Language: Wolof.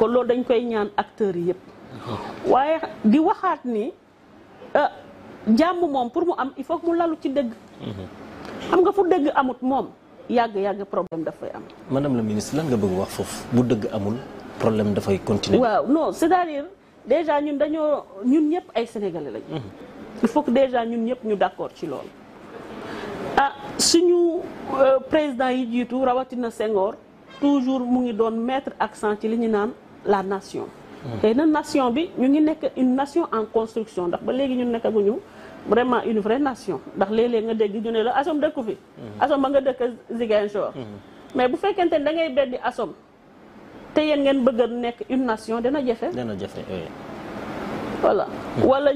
kon loolu dañ koy ñaan acteurs yi yëpp waaye di waxaat ni euh, jàmm moom pour mu am il faut mu lalu ci dëgg xam nga fu dëgg amut moom yàgg-yàgg problème dafay am madame la ministre lan nga bëgg wax foofu bu dëgg amul problème dafay continuer waaw non c'est-à-dire déjà ñun dañoo ñun ñëpp ay sénégalais lañu mhm. il faut que déjà ñun ñëpp ñu d'accord ci loolu ah suñu euh, président yi jiitu rawatina Senghor toujours mu ngi doon mettre accent ci li ñu naan la nation. Et une nation bi une nation en construction Donc, ba sommes vraiment une vraie nation Donc, les, nga dégg ñu la Assome dëkku fi. Mhm. Assome nga mhm. mais vous faites da une nation vous Des voilà.